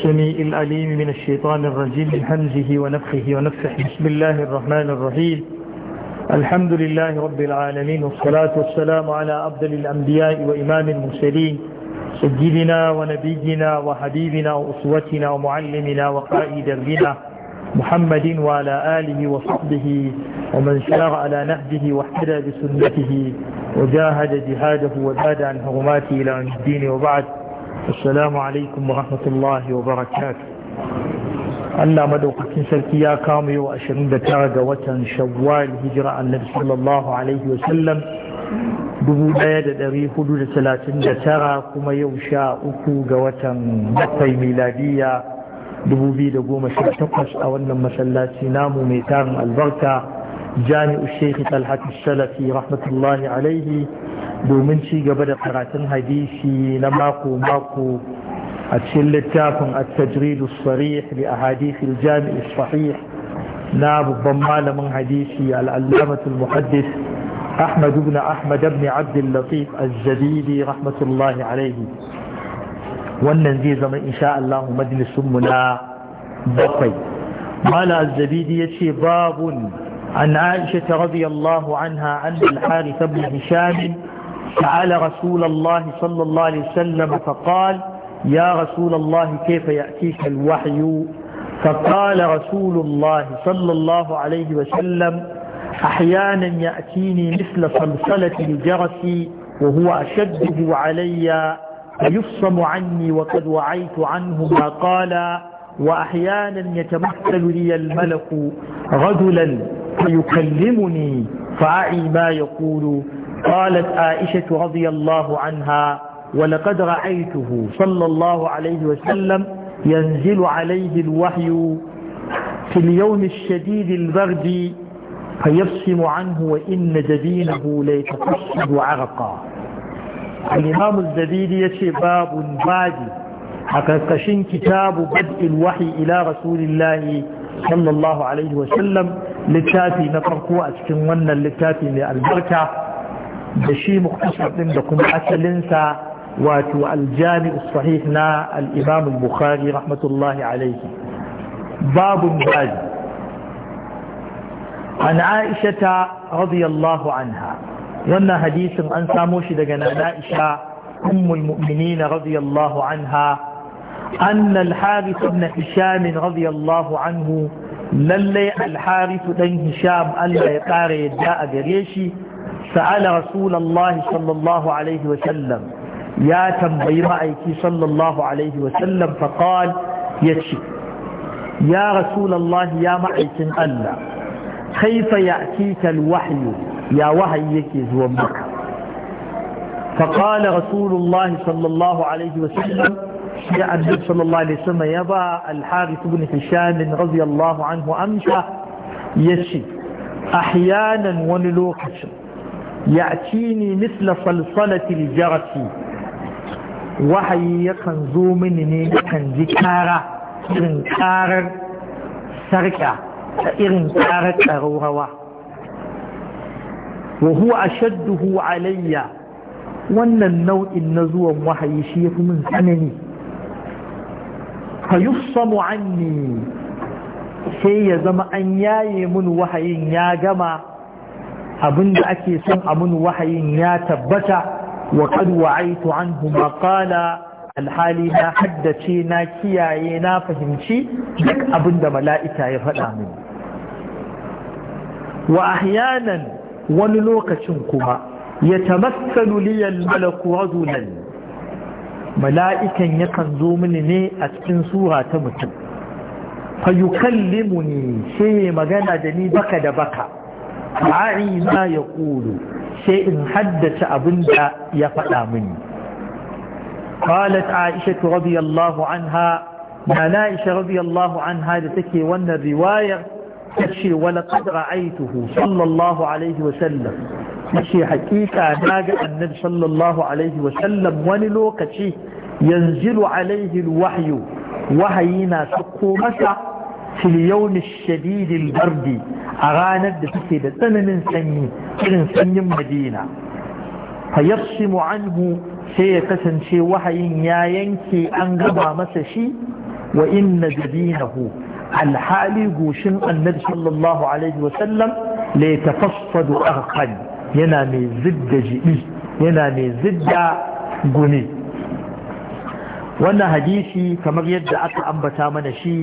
السميع الأليم من الشيطان الرجيم من همزه ونفخه ونفسه بسم الله الرحمن الرحيم الحمد لله رب العالمين والصلاة والسلام على أفضل الأنبياء وإمام المرسلين سيدنا ونبينا وحبيبنا وأسوتنا ومعلمنا وقائد بنا محمد وعلى آله وصحبه ومن سار على نهجه واحتدى بسنته وجاهد جهاده وزاد عن حرماته إلى الدين وبعد السلام عليكم ورحمة wa وبركاته Allah madaukakin sarki ya kama yau 29 ga watan shawwal hijira annabi sallallahu alaihi wa sallam tara kuma yau sha uku ga watan bakwai miladiya takwas a wannan masallaci namu mai tarin albarka jami'u shekhi talhat salafi rahmatullahi alaihi domin ci gaba da karatun hadisi na mako-mako a cikin littafin at-tajrid as-sarih li ahadith sahih na babban malamin hadisi al muhaddis أحمد بن أحمد بن عبد اللطيف الزبيدي رحمة الله wannan zai zama insha Allah majalisunmu na bakwai mala azzabidi ya ce babun an aisha ta radiyallahu anha an al-harith ibn hisham سأل رسول الله صلى الله عليه وسلم فقال يا رسول الله كيف يأتيك الوحي فقال رسول الله صلى الله عليه وسلم أحيانا يأتيني مثل صلصلة الجرس وهو أشده علي فيفصم عني وقد وعيت عنه ما قال وأحيانا يتمثل لي الملك رجلا فيكلمني فأعي ما يقول قالت عائشة رضي الله عنها ولقد رأيته صلى الله عليه وسلم ينزل عليه الوحي في اليوم الشديد البرد فيفصم عنه وإن جبينه ليتقصد عرقا الإمام الزبيدي يشي باب بعد حقيقشين كتاب بدء الوحي إلى رسول الله صلى الله عليه وسلم littafi na أشكن a cikin wannan da shi muktasar din da kuma asalinsa wato aljami sahih na al-imam al bukhari rahmatullahi alayhi babu bazi an aisha ta radiyallahu anha wannan hadisin an samu shi daga na aisha ummul mu'minin radiyallahu anha أن الحارث بن هشام رضي الله عنه للي الحارث بن هشام ألا يقاري جاء جريشي sa'ala rasulullahi sallallahu alaihi wa sallam ya tambayi ma'aiki sallallahu alaihi wa sallam faqal yace ya rasulullahi ya ma'aikin Allah kaifa ya'tika alwahyu ya wahayi yake zuwa maka فقال رسول الله صلى الله عليه وسلم يا النبي صلى الله عليه وسلم يبا الحارث بن هشام رضي الله عنه أمسى يشي أحيانا ونلوكش ya'tini misla salsalatil jarati wahayi yakan zo mini ne kan ji kara irin karar sarka da irin karar ƙararrawa wa huwa ashadduhu alayya wannan nau'in na zuwan wahayi shi fi min tsanani fa yufsamu anni sai ya zama an yaye mun wahayin ya gama abinda ake son amun wahayin ya tabbata wa qad wa'aitu anhu ma qala alhali na haddace na kiyaye na fahimci duk abinda mala'ika ya faɗa mini wa ahyanan wani lokacin kuma ya tamassalu liyal malaku rajulan mala'ikan yakan zo mini ne a cikin sura ta mutum fa yukallimuni sai magana da ni baka da baka ra'i ma ya ƙulu sai in haddace abin da ya faɗa mini qalat aisha radiyallahu anha na aisha radiyallahu anha da take wannan riwayar tace wala qad ra'aytuhu sallallahu alaihi wa sallam tace hakika na ga annabi sallallahu alaihi wa sallam wani lokaci yanzilu alaihi alwahyu wahayi na sako masa في اليوم الشديد البرد a ranar da take da tsananin sanyi irin sanyin madina fa yafsimu anhu sai ya kasance wahayin ya yanke an gaba masa shi wa inna jabinahu alhali goshin annabi sallallahu alaihi wasallam la yatafassadu arqan yana mai zidda jibi yana mai zidda gumi wannan hadisi kamar yadda aka ambata mana shi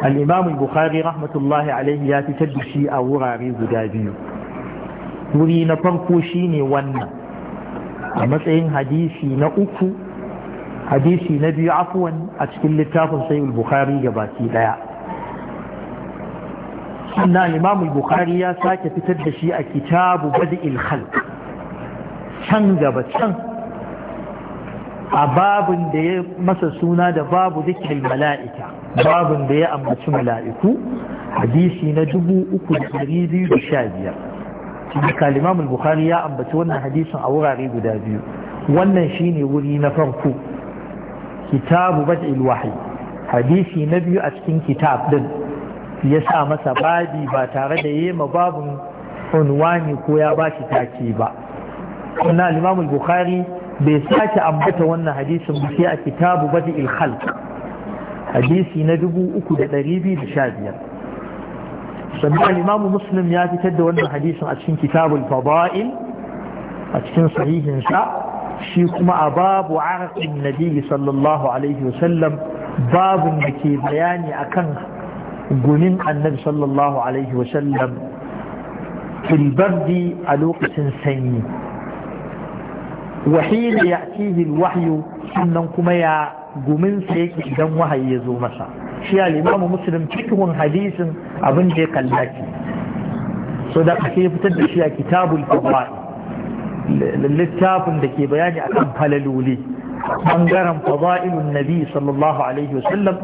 al’imamu bukhari rahmatullahi alaihi ya fitar da shi a wurare guda biyu wuri na farko shi ne wannan a matsayin hadisi na uku hadisi na biyu afuwan a cikin littafin sai bukhari gabaki daya sannan al’imamu bukhari ya sake fitar da shi a kitabu badi ilhal can gaba can a babin da ya masa suna da babu mala'ika. mala’ika babin da ya ambaci mala'iku hadisi na 3,215 daga limamul bukhari ya ambaci wannan hadisin a wurare guda biyu wannan shine wuri na farko kitabu bad'il wahyi hadisi na biyu a cikin kitab din ya sa masa babi ba tare da yema babin unwani ko ya bashi take ba wannan limamul bukhari bai sake ambata wannan hadisin ba sai a kitabu bad'il khalq hadisi na 3215 sannan imamu muslim ya fitar da wannan hadisin a cikin kitabul fada'il a cikin sahihin sa shi kuma a babu arafin nabi sallallahu alaihi wasallam babun da ke bayani akan gunin annabi sallallahu alaihi wasallam filbardi a lokacin sanyi ya وحين يأتيه الوحي kuma ya. gumin sa yake idan wahayi ya zo masa shi al-imamu muslim cikin hadisin abin da ya kalla ki so da kake fitar da shi a kitabul fadail littafin da ke bayani akan falaloli bangaren fada'ilun nabi sallallahu alaihi wasallam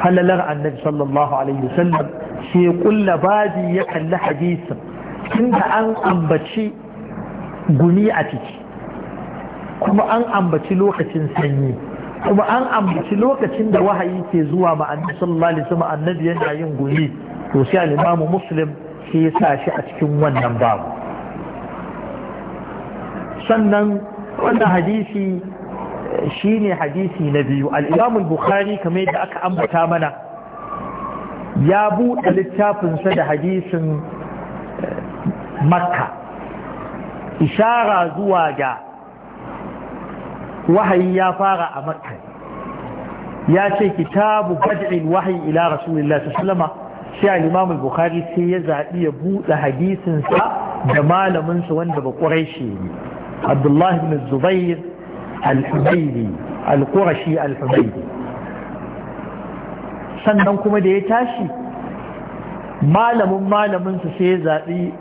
falalar annabi sallallahu alaihi wasallam sai kulla babi ya kalli hadisin Inda an ambaci gumi a ciki kuma an ambaci lokacin sanyi kuma an ambaci lokacin da wahayi ke zuwa ma annabi sallallahu alaihi wasallam annabi yana yin gumi to sai al-imamu muslim sai ya sa shi a cikin wannan babu sannan wannan hadisi shine hadisi na biyu al-imamu bukhari kamar yadda aka ambata mana ya buɗe littafinsa da hadisin eh, makka ishara zuwa ga wahayi ya fara a makka ya ce kitabu bad'in wahayi ila rasulillah sallama sai al-imam al-bukhari sai ya zabi ya bude hadisin sa da malamin sa wanda ba quraishi ne abdullah ibn zubair al-hubayli al-qurashi al-hubayli sannan kuma da ya tashi malamin malamin sa sai ya zabi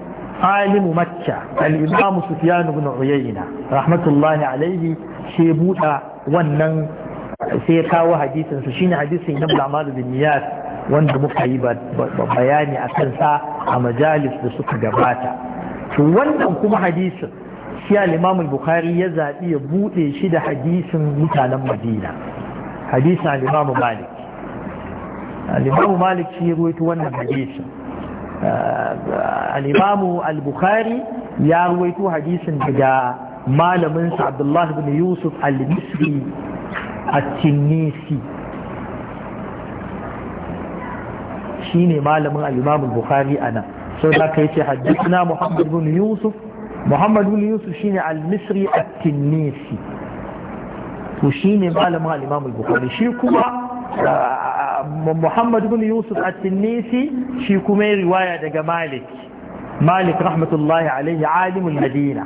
alimu makka al-imam sufyan ibn uyayna rahmatullahi alaihi sai buɗa wannan sai kawo hadisin su shine hadisin ibn al-amal bin niyas wanda muka yi bayani a kansa a majalis da suka gabata to wannan kuma hadisin shi al-imam bukhari ya zabi ya buɗe shi da hadisin mutanen madina hadisin al-imam malik al-imam malik shi ya ruwaito wannan hadisin alimamu imamu al-bukhari ya ruwaito hadisin daga malamin sa abdullahi bin yusuf al-misri at-tinisi shine malamin alimamu imam al-bukhari ana so da kai ce haddathna muhammad bin yusuf muhammad bin yusuf shine al-misri at-tinisi to shine malamin alimamu imam al-bukhari shi kuma muhammad bin yusuf at-tinnisi shi kuma riwaya daga malik malik rahmatullahi alaihi alimul madina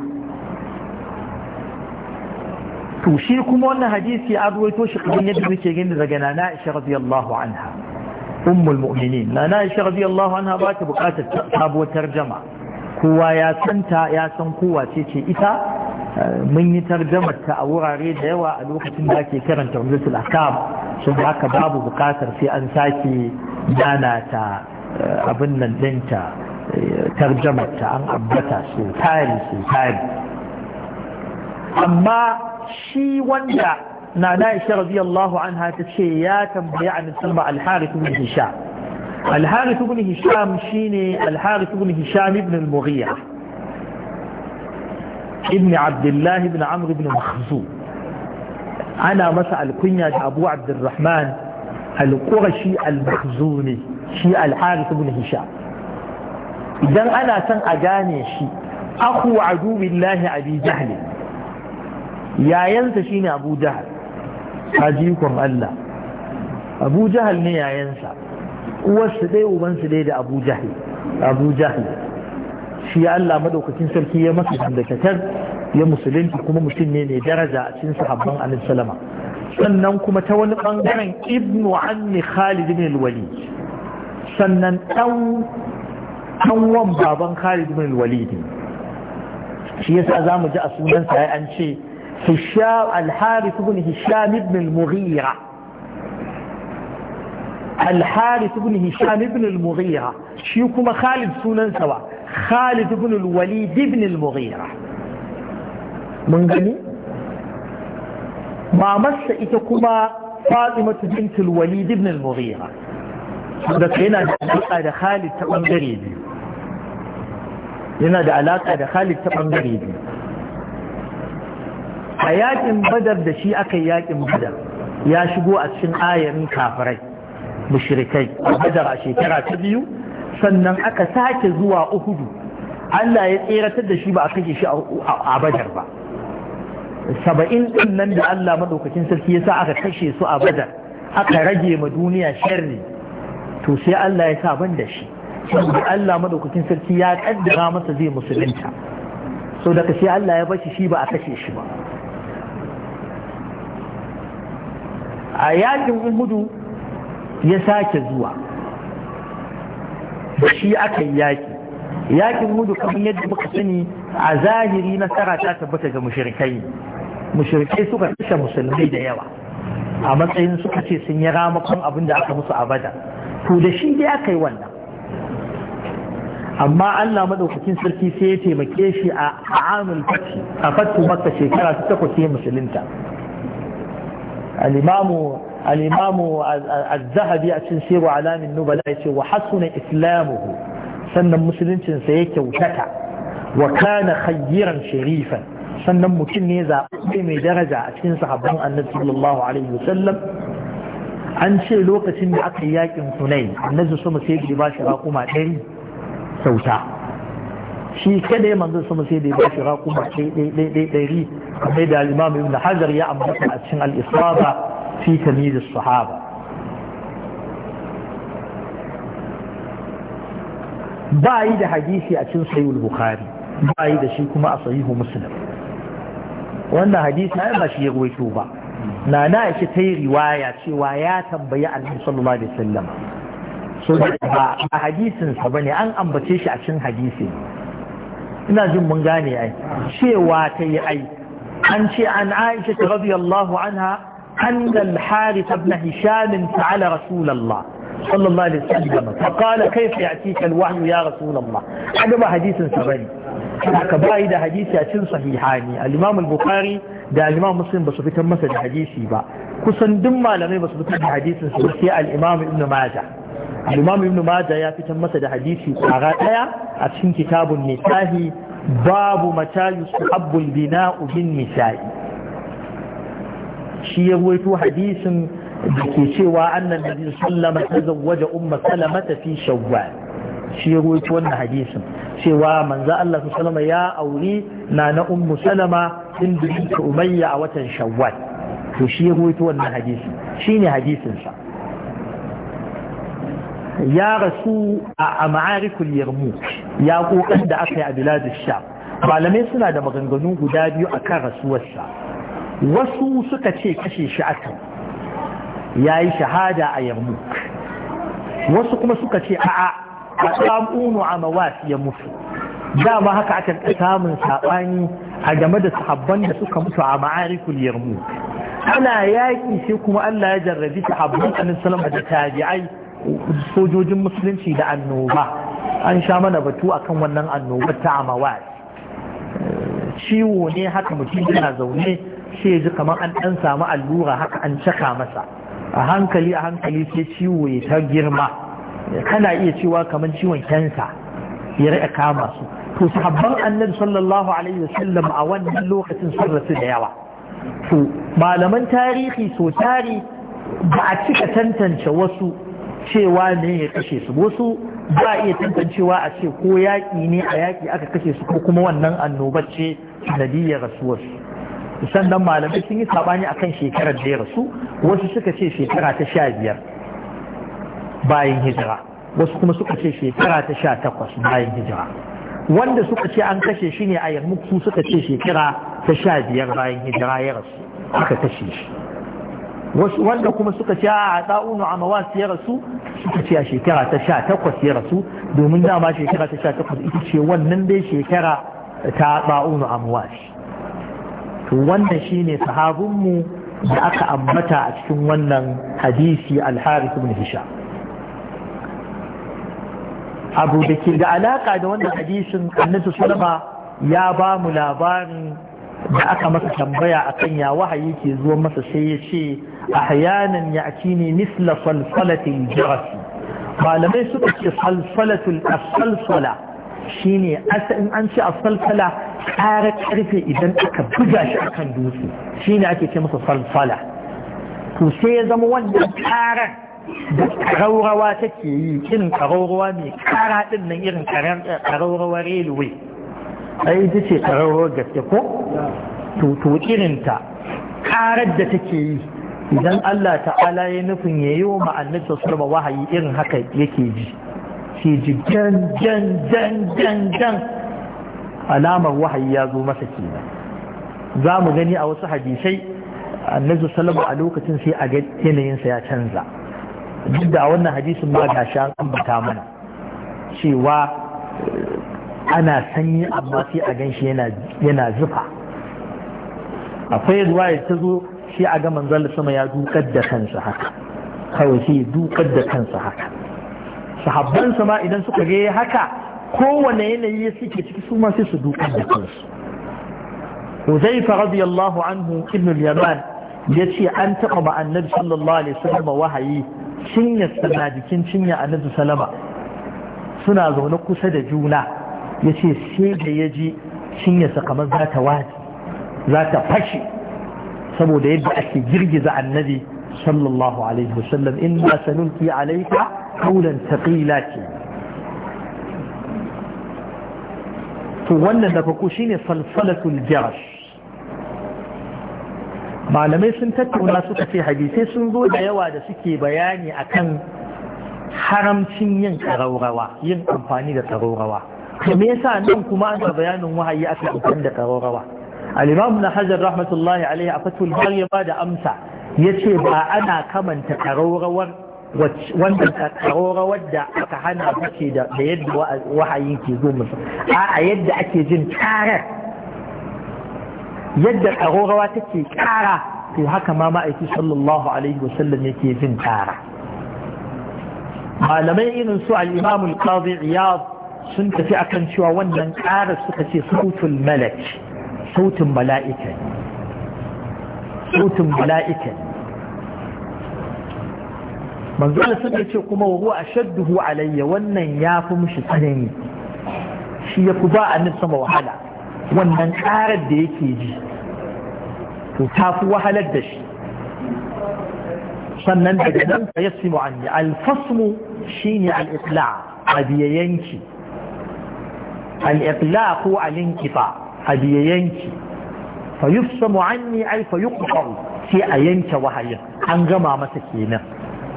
to shi kuma wannan hadisi ya ruwaito shi kamar yadda muke gani daga nana aisha radiyallahu anha ummul mu'minin nana aisha radiyallahu anha ba ta bukatar sabuwar tarjama kowa ya santa ya san kowa ce ce ita mun yi tarjamarta a wurare da yawa a lokacin da ake karanta umdatul akam sun haka babu bukatar sai an sake dana ta eh, abin nan dinta eh, an abbata su tari su amma shi wanda na na isha radiyallahu anha ta ce ya tambaya a musamman alharith ibn hisham alharith ibn hisham shine alharith ibn hisham ibn al-mughira ibn abdullahi ibn amr ibn makhzu ana masa alkunya da abu abdurrahman alƙurashi al-makhzuni shi al-harith ibn hisham idan ana son a gane shi aku adu billahi abi jahl yayansa shine abu jahl hajikun Allah abu jahal ne yayansa uwarsu dai uban su dai da abu jahal abu jahal shi Allah madaukakin sarki ya masa dangantakar ya musulunci kuma mutum ne mai daraja a cikin sahabban annabi Salama. sannan kuma ta wani bangaren ibnu anni khalid bin al-walid sannan dan kanwan baban khalid bin al-walid shi yasa zamu ji a sunan sa an ce hisham al-harith ibn hisham ibn al-mughira shi kuma khalid sunansa ba Khalid ibn al-Walid mun gani mamarsa ita kuma Fatimatu bint al-Walid ibn al da yana da alaka da Khalid ta bangare a yakin Badar da shi aka yakin Badar ya shigo a cikin ayarin kafirai mushrikai a Badar a shekara ta biyu sannan aka sake zuwa uhudu Allah ya tseratar da shi ba a kashe shi a badar ba saba'in ɗin nan da Allah maɗaukakin sarki ya sa aka kashe su a badar aka rage ma duniya sharri to sai Allah ya sa ban da shi saboda Allah maɗaukakin sarki ya kaddara masa zai musulunta so daga sai Allah ya bashi shi ba a kashe shi ba a yakin uhudu ya sake zuwa shi aka yi yaƙi yaƙin hudu kamar yadda muka sani a zahiri nasara ta tabbata ga mushrikai mushrikai suka kashe musulmai da yawa a matsayin suka ce sun yi ramakon abin da aka musu abada to da shi dai aka yi wannan amma Allah maɗaukakin sarki sai ya taimake shi a amul fati a fatu maka shekara ta takwas musulunta al-imamu al'imamu az-zahabi a cikin siru alamin nubala ya ce wa hasuna islamuhu sannan musuluncinsa ya kyautata wa kana khayyiran sharifan sannan mutum ne zaɓe mai daraja a cikin sahabban annabi sallallahu alaihi an ce lokacin da aka yi yakin hunai annabi sama sai da ba shi raƙuma ɗari sauta shi kada manzo sama sai da ba shi raƙuma ɗari kamar da al-imam ibn hajar ya ambata a cikin al-isaba في تمييز الصحابة باي ده حديثي أتن صحيح البخاري باي ده شيء كما أصحيه مسلم وأن حديث ما شيء يغوي توبا na na yake ta yi riwaya cewa ya tambayi annabi sallallahu alaihi wasallam so ba a hadisinsa sa bane an ambace shi a cin hadisi ina jin mun gane ai cewa ta yi ai an ce an Aisha radiyallahu anha أن الحارث بن هشام سأل رسول الله صلى الله عليه وسلم فقال كيف يأتيك الوحي يا رسول الله هذا ما حديث سبري haka bayi da hadisi a cin sahihani al-imam al-bukhari da al-imam muslim ba su fitar masa da hadisi ba kusan duk malamai ba su fitar da hadisin su sai al-imam ibn majah al-imam ibn majah ya fitar masa da hadisi tsara daya a cikin kitabun nisahi babu mata yusabbul bina'u bin nisa'i shi ya ruwaito hadisin da ke cewa annan nabi sallama ta zawwaja umma salama ta fi shawwal shi ya ruwaito wannan hadisin cewa manzo Allah sallama ya auri na na ummu salama din binta umayya a watan shawwal to shi ya ruwaito wannan hadisin shine hadisin sa ya rasu a ma'arikul yarmouk ya kokan da aka yi a biladu sha malamai suna da maganganu guda biyu akan rasuwar sa. wasu suka ce kashe shi aka ya yi shahada a yarmuk wasu kuma suka ce a'a a tsamunu a mawas ya mutu dama haka aka samun saɓani a game da sahabban da suka mutu a ma'arikul yarmuk ana yaƙi sai kuma Allah ya jarrabi sahabban salama da tabi'ai sojojin musulunci da annoba an sha mana batu akan wannan annobar ta amawas ciwo ne haka mutum yana zaune sai ji kamar an ɗan samu allura haka an caka masa a hankali a hankali sai ciwo ya ta girma kana iya cewa kamar ciwon kyansa ya rika kama su to sahabban annabi sallallahu alaihi wasallam a wannan lokacin sun rasu da yawa to malaman tarihi so tari ba a cika tantance wasu cewa ne ya kashe su wasu ba iya tantancewa a ce ko yaƙi ne a yaƙi aka kashe su ko kuma wannan annobar ce sanadiyyar rasuwarsu sannan malamai sun yi sabani kan shekarar da ya rasu wasu suka ce shekara ta sha biyar bayan hijira wasu kuma suka ce shekara ta sha takwas bayan hijira wanda suka ce an kashe shi ne a yarmuk su suka ce shekara ta sha biyar bayan hijira ya rasu aka kashe shi wanda kuma suka ce a ɗa'unu a mawas ya rasu suka ce a shekara ta sha takwas ya rasu domin dama shekara ta sha takwas ita ce wannan dai shekara ta ɗa'unu a mawas to shi shine sahabinmu da aka ambata a cikin wannan hadisi al-harith ibn hisham abu da ke da alaka da wannan hadisin annabi sallama ya ba mu labarin da aka masa tambaya akan ya wahayi ke zuwa masa sai ya ce ahyanan ya'tini misla salsalatil jirasi malamai suka ce salsalatul asalsala shine in an ci a falfala ƙarar ƙarfe idan aka buga shi akan dutse shine ake ce masa salsala Ku sai ya zama wannan ƙarar da ƙaraurawa take yi irin ƙaraurawa mai ƙara ɗin nan irin ƙaraurawar railway ai ita ce ƙaraurawar gaske ko to irin ta ƙarar da take yi idan Allah ta'ala ya nufin ya yi wa ma'annin sassalma wahayi irin haka yake ji sai ji jan jan jan jan jan alamar wahayi ya zo masa nan za mu gani a wasu hadisai annabi salama a lokacin sai a ga yanayinsa ya canza duk da wannan hadisin ma ga sha ambata mana cewa eh, ana sanyi amma sai a gan shi yana zufa akwai ruwaya ta zo sai a ga manzal sama ya dukar da kansa haka kawai sai dukar da kansa haka sahabban sa ma idan suka ga haka kowane yanayi ya suke ciki su ma sai su dukan da kansu Huzaifa radiyallahu anhu ibn al-Yaman yace an taba ma annabi sallallahu alaihi wasallam wahayi cinya sana jikin cinya annabi salama suna zaune kusa da juna yace sai da yaji cinya sa kamar za ta waje za ta fashe saboda yadda ake girgiza annabi صلى الله عليه وسلم إنا سنلقي عليك قولا ثقيلا wannan da fako shine salsalatul jarash malamai sun tattauna suka ce hadisai sun zo da yawa da suke bayani akan haramcin yin karaurawa yin amfani da karaurawa to me yasa nan kuma an ga bayanin wahayi aka amfani da karaurawa al-imam na hajar rahmatullahi alaihi a fatul bari ya bada amsa ya ce ba ana kamanta tarorawar wanda tarorawar da aka hana bace da yadda wahayin ke zo musu a yadda ake jin karar yadda tarorawa take kara to haka ma ma'aiki sallallahu alaihi wasallam yake jin kara malamai irin su al-imam al qadi iyad sun tafi akan cewa wannan ƙarar suka ce sautul malak sautin mala'ika sautun mala'ika manzo Allah sun ce kuma wa a shadduhu alayya wannan yafi mushi tsanani shi yafi ba annabi sama wahala wannan ƙarar da yake ji to fi wahalar da shi sannan daga nan ka yasimu anni Alfasmu shi shine al-iqla' abiyayanki al-iqla' ko al a abiyayanki فيفصم عني أي فيقطع في أينك وحيا أنجمع مسكينا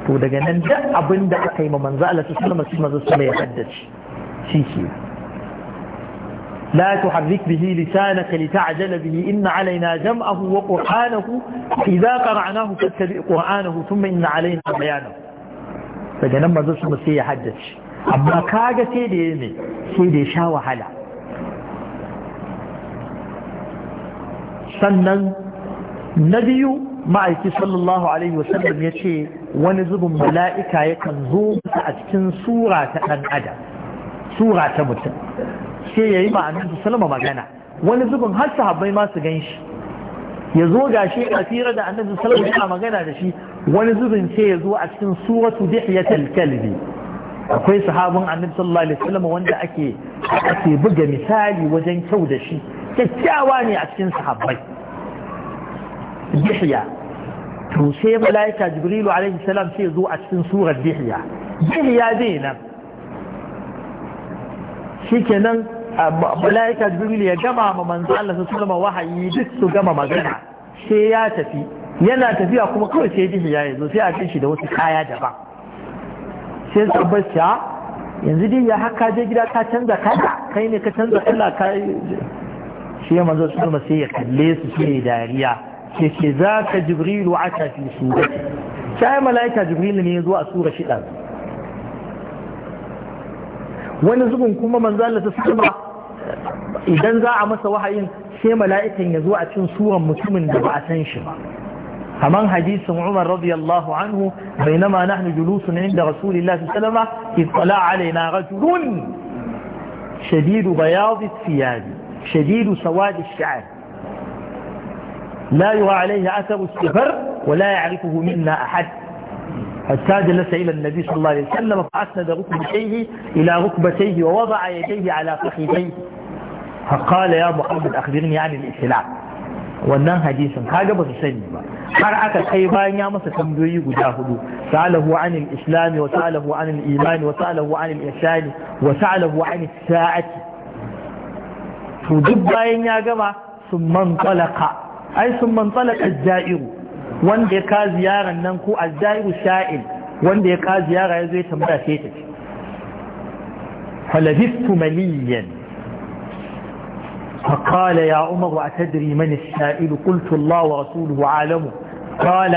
ودقى ننجا أبن دا أكيم من زالة السلمة سلمة السلمة يحدش شيكي لا تحرك به لسانك لتعجل به إن علينا جمعه وقرآنه إذا قرعناه فاتبع قرآنه ثم إن علينا بيانه daga nan manzo su sai ya haddace سيدي kaga sai da sannan na biyu ma'aiki sallallahu alaihi wasallam ya ce wani zubin mala'ika yakan zo a cikin sura ta ɗan adam sura ta mutum sai ya yi ma'anin su salama magana wani zubin har su ma masu gan shi ya zo ga shi a fira da annabi salama yana magana da shi wani zubin sai ya zo a cikin suratu ya kalbi akwai sahabin annabi sallallahu alaihi wasallam wanda ake ake buga misali wajen kyau da shi kyakkyawa ne a cikin sahabbai dihiya to sai malaika jibrilu alaihi salam sai zo a cikin surar dihiya dihiya zai nan shikenan malaika jibrilu ya gama ma manzo Allah su sallama wahayi duk su gama magana sai ya tafi yana tafiya kuma kawai sai dihya ya zo sai a kai shi da wasu kaya daban sai sha ah, yanzu dihya har ka je gida ka canza kaya kai ne ka canza kala ka sai manzo su kuma sai ya kalle su sai dariya ke ce za ka jibrilu aka fi sura sai mala'ika jibrilu ne ya a sura shida wani zubin kuma manzo Allah ta idan za a masa wahayin sai mala'ikan ya zo a cin suran mutumin da ba a san shi ba أمام حديث umar رضي الله عنه بينما نحن جلوس عند رسول الله صلى الله عليه وسلم إذ طلع علينا رجل شديد سواد الشعر لا يرى عليه أثر السفر ولا يعرفه منا أحد فالساد لس إلى النبي صلى الله عليه وسلم فأسند ركبتيه إلى ركبتيه ووضع يديه على فخذيه فقال يا محمد أخبرني عن الإسلام wannan حديثا ka gaba su sani ba har aka kai bayan ya masa tambayoyi guda hudu sa'alahu an al-islam wa sa'alahu an al to duk bayan ya gama sun man ai sun man talaka jairu wanda ya ka ziyaran nan ko azzairu sha'il wanda ya ka ziyara ya zo ya tambaya sai ta ce falabistu maliyan فقال يا عمر أتدري من السائل قلت الله ورسوله عالمه قال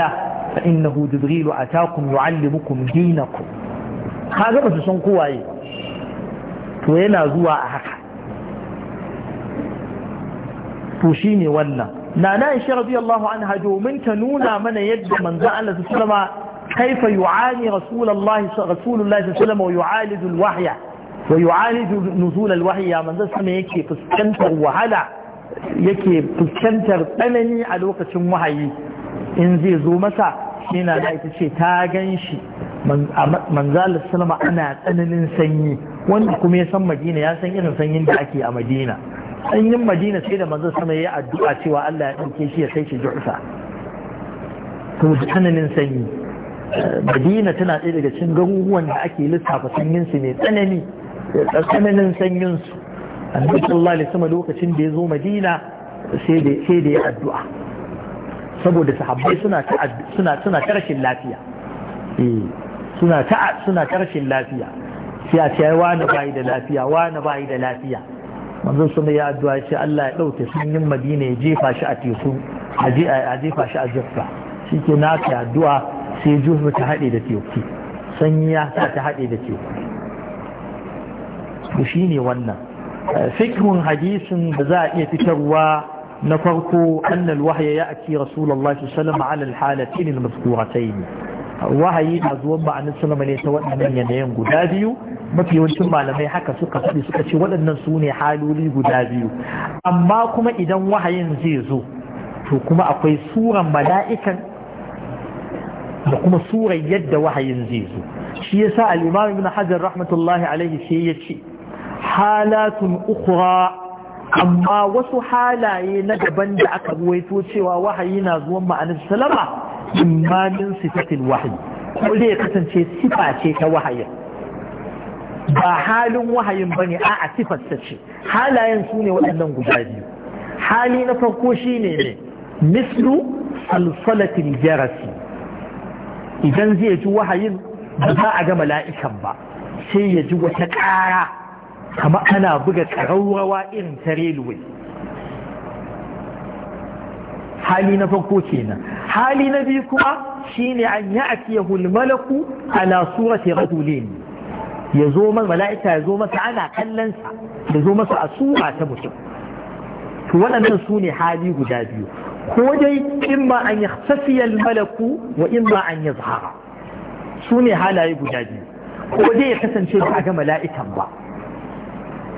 فإنه جبريل أتاكم يعلمكم دينكم هذا بس سنقوا أي وينا زوا أحكا to shi ne wannan na na ishe radiyallahu anha domin ta nuna mana yadda manzo Allah su sulama kaifa yu'ani rasulullahi rasulullahi su sulama wa yu'alidu alwahya wa yu'alidu nuzul alwahya manzo sama yake fuskantar wahala yake fuskantar tsanani a lokacin wahayi in zai zo masa yana da ita ce ta gan shi manzalar salama ana tsananin sanyi wanda kuma ya san madina ya san irin sanyin da ake a madina an yi madina sai da manzon sama ya addu'a cewa Allah ya ɗauke shi ya kai shi ju'fa to tsananin sanyi madina tana ɗaya daga cikin garuruwan da ake lissafa sanyin su ne tsanani tsananin sanyin su annabi sallallahu alaihi wasallam lokacin da ya zo madina sai da sai da ya addu'a saboda sahabbai suna ta suna suna ta rashin lafiya eh suna ta suna ta rashin lafiya sai a ce wani bai da lafiya wani bai da lafiya manzo sun ya addu'a shi Allah ya dauke sanyin Madina ya jefa shi a teku a jefa shi a Jaffa shike na ta addu'a sai Juhu ta haɗe da teku sanyi ya sa ta haɗe da teku shi ne wannan fikhun hadisin da za a iya fitarwa na farko annal wahaya ya aki rasulullahi sallallahu alaihi wasallam ala al-halatayn al-mazkuratayn wahayi da zuwan ba annabi sallallahu alaihi wasallam ne ta waɗannan yanayin guda biyu mafi yawancin malamai haka suka faɗi suka ce waɗannan su ne haloli guda biyu amma kuma idan wahayin zai zo to kuma akwai suran mala'ikan da kuma surar yadda wahayin zai zo shi yasa al-imam ibn hajar rahmatullahi alaihi sai ya ce halatun ukhra amma wasu halaye na daban da aka ruwaito cewa wahayi na zuwan ma'anar salama imamin min sifatil wahyi ko zai kasance sifa ce ta wahayin ba halin wahayin ba ne a sifarsa ce halayen su ne waɗannan guda biyu hali na farko shi ne ne mislu salsalatin jarasi idan zai ji wahayin ba za a ga mala'ikan ba sai ya ji wata ƙara kama ana buga ƙararrawa irin ta railway hali na farko kenan hali na biyu kuma shine an yi a fiye hulmalaku ala surati rajulin ya zo masa mala'ika ya zo masa ana kallonsa ya zo masa a sura ta mutum to waɗannan su ne hali guda biyu ko dai in ma an yi safiyar malaku wa in ma an yi zahara su ne halaye guda biyu ko dai ya kasance ba a ga mala'ikan ba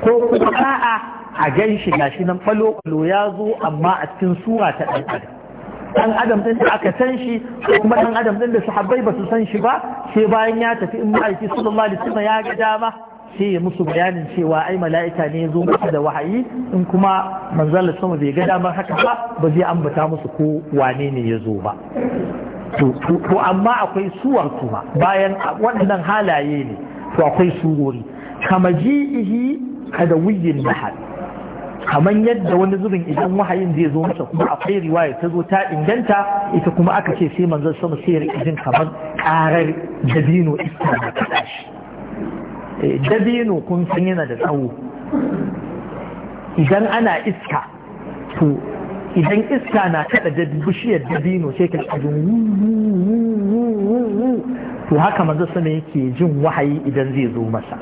ko kuma a'a a gan shi gashi nan falo ya zo amma a cikin sura ta ɗan adam dan adam din da aka san shi kuma dan adam din da sahabbai ba su san shi ba sai bayan ya tafi in ma'aiki sallallahu alaihi wasallam ya ga dama sai ya musu bayanin cewa ai mala'ika ne ya zo musu da wahayi in kuma manzalar sama bai ga damar haka ba ba zai ambata musu ko wane ne ya zo ba to amma akwai suwar kuma bayan waɗannan halaye ne to akwai surori kamaji ka kada wuyin nahal kamar yadda wani zubin idan wahayin zai zo masa kuma akwai riwaya ta zo ta inganta ita kuma aka ce sai manzon sama sai ya jin kamar karar dabino iska na kada shi eh, dabino kun san yana da tsawo idan ana iska to idan iska na kada da bishiyar dabino sai ka jin to haka manzon sama yake jin wahayi idan zai zo masa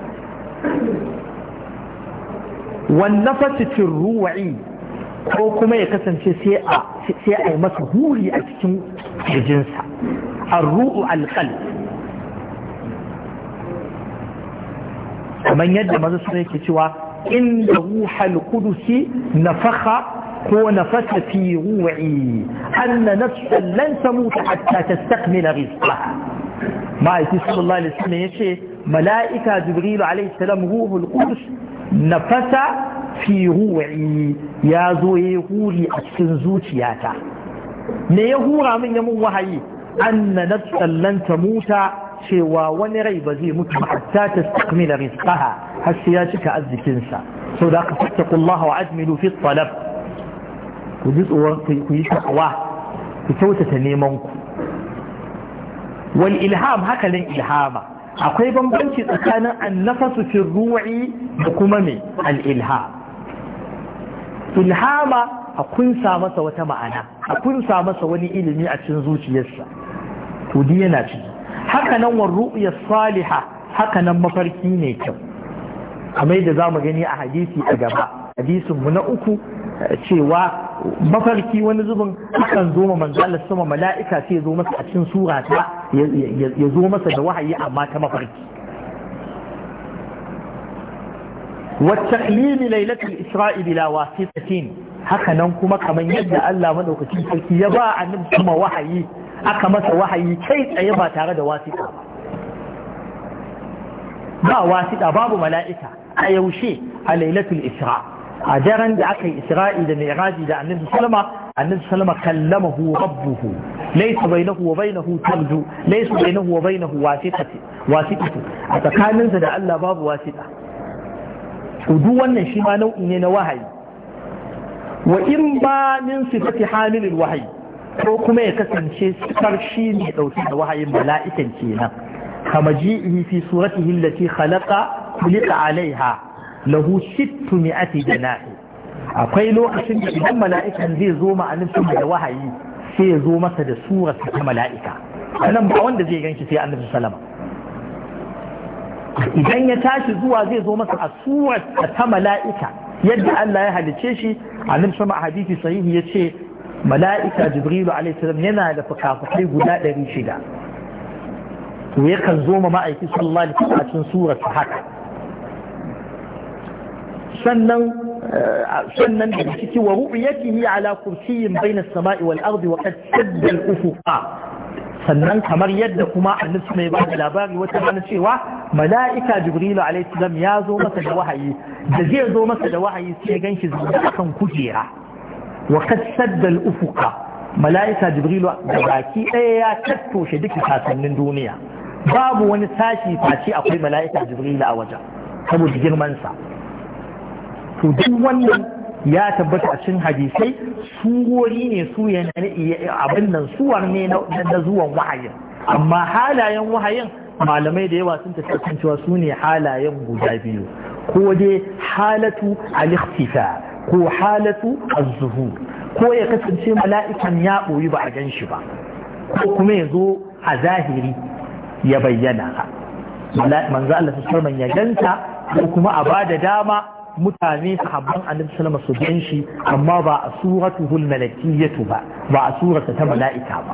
wannafati fil ruwa'i ko kuma ya kasance sai a yi masa huri a cikin a arru'u alƙal kamar yadda maza suna yake cewa inda ruhal kudusi nafakha ko nafasa fi ruwa'i anna nafsan lan tamuta hatta tastakmila rizqaha ma'aiki sallallahu alaihi wasallam yace mala'ika jibril alaihi salam ruhul qudus nafasa fi ruwa'i ya zo ya huri a cikin zuciyata me ya hura min ya mun wahayi anna nafsan lan tamuta cewa wani rai ba zai mutu hatta tastakmila rizqaha har sai ya cika arzikinsa sau da aka fattakullaha wa ajmilu fi talab ku ji tsoron ku yi takawa ku kyautata neman ku wal ilham haka nan ilhama akwai bambanci tsakanin annafasu fi ru'i da kuma mai al'ilha ilhama a kunsa masa wata ma'ana a kunsa masa wani ilimi a cikin zuciyarsa to di yana ciki haka nan wa ru'ya salihah haka nan mafarki ne kyau kamar da zamu gani a hadisi a gaba hadisin mu na uku cewa mafarki wani zubin akan zo ma manzo sama mala'ika sai zo masa a cikin sura ta ya zo masa da wahayi amma ta mafarki والتقليم lailatul isra'i bila واسطة haka nan kuma kamar yadda Allah madaukakin sarki ya ba a kuma wahayi aka masa wahayi kai tsaye ba tare da wasiƙa ba wasiƙa babu mala'ika a yaushe a lailatul isra a daren da aka yi isra'i da mi'raji da annabi salama annabi salama kallamahu rabbuhu laysa bainahu wa bainahu tarju laysa bainahu wa bainahu wasiqati wasiqatu a tsakaninsa da Allah babu wasiqa to duk wannan shi ma nau'i ne na wahayi wa in ba min sifati hamilil wahayi ko kuma ya kasance sifar shi ne dauke da wahayin mala'ikan kenan kama ji'ihi fi suratihi allati khalaqa khuliqa alaiha lahu sittu mi'ati janahi akwai lokacin da idan mala'ikan zai zo ma annabi da wahayi sai ya zo masa da surar ta mala'ika nan ba wanda zai ganshi sai annabi sallama idan ya tashi zuwa zai zo masa a surar ta mala'ika yadda Allah ya halice shi annabi sama a hadisi sahihi ce, mala'ika jibrilu alaihi yana da fukafukai guda shida to yakan zo ma ma'aiki sallallahu alaihi wasallam a cikin surar haka sannan eh, sannan da ciki wa ya ala kursiyyin baina samai wal ardi wa qad sadda al-ufuqa sannan kamar yadda kuma annabi mai ba da labari wata rana cewa mala'ika jibril alayhi salam ya zo masa da wahayi da zai zo masa da wahayi sai ganshi zuwa akan kujera wa qad sadda al-ufuqa mala'ika jibrilu da baki ɗaya ya tattoshe duk kasannin duniya babu wani sashi face akwai mala'ika jibrilu a wajen saboda girmansa to duk wannan ya tabbata a cikin hadisai suwori ne su abin nan suwar ne na zuwan wahayin amma halayen wahayin malamai da yawa sun tafi cewa su ne halayen guda biyu ko dai halatu alikhtifa ko halatu az ko ya kasance mala'ikan ya boyi ba a gan shi ba ko kuma ya zo a zahiri ya bayyana manzo Allah sallallahu ya ganta ko kuma a bada dama mutane sahabban annabi sallama su gan shi amma ba a suratuhul malakiyatu ba ba a surata ta mala'ika ba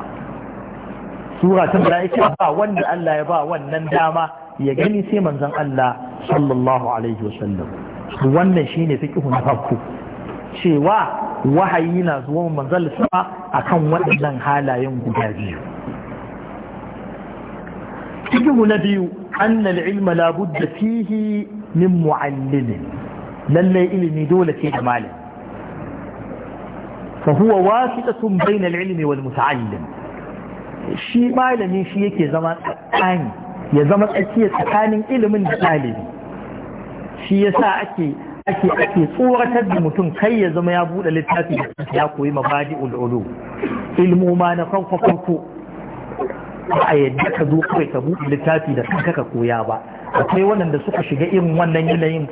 sura ta mala'ika ba wanda Allah ya ba wannan dama ya gani sai manzon Allah sallallahu alaihi wasallam wannan shine fiqhu na farko cewa wahayi na zuwa manzon sama akan waɗannan halayen guda biyu fiqhu na biyu anna ilma la budda fihi min mu'allimin lallai ilimi dole ce da malami fa huwa wasitatun bainal ilmi wal muta'allim shi malami shi yake zama tsakani ya zama tsakiya tsakanin ilimin da ɗalibi shi yasa ake ake ake tsoratar da mutum kai ya zama ya buɗe littafi ya koyi mabadi ul'ulu ilmu ma na farko farko ba a yadda ka zo kawai ka buɗe littafi da kanka ka koya ba akwai waɗanda suka shiga irin wannan yanayin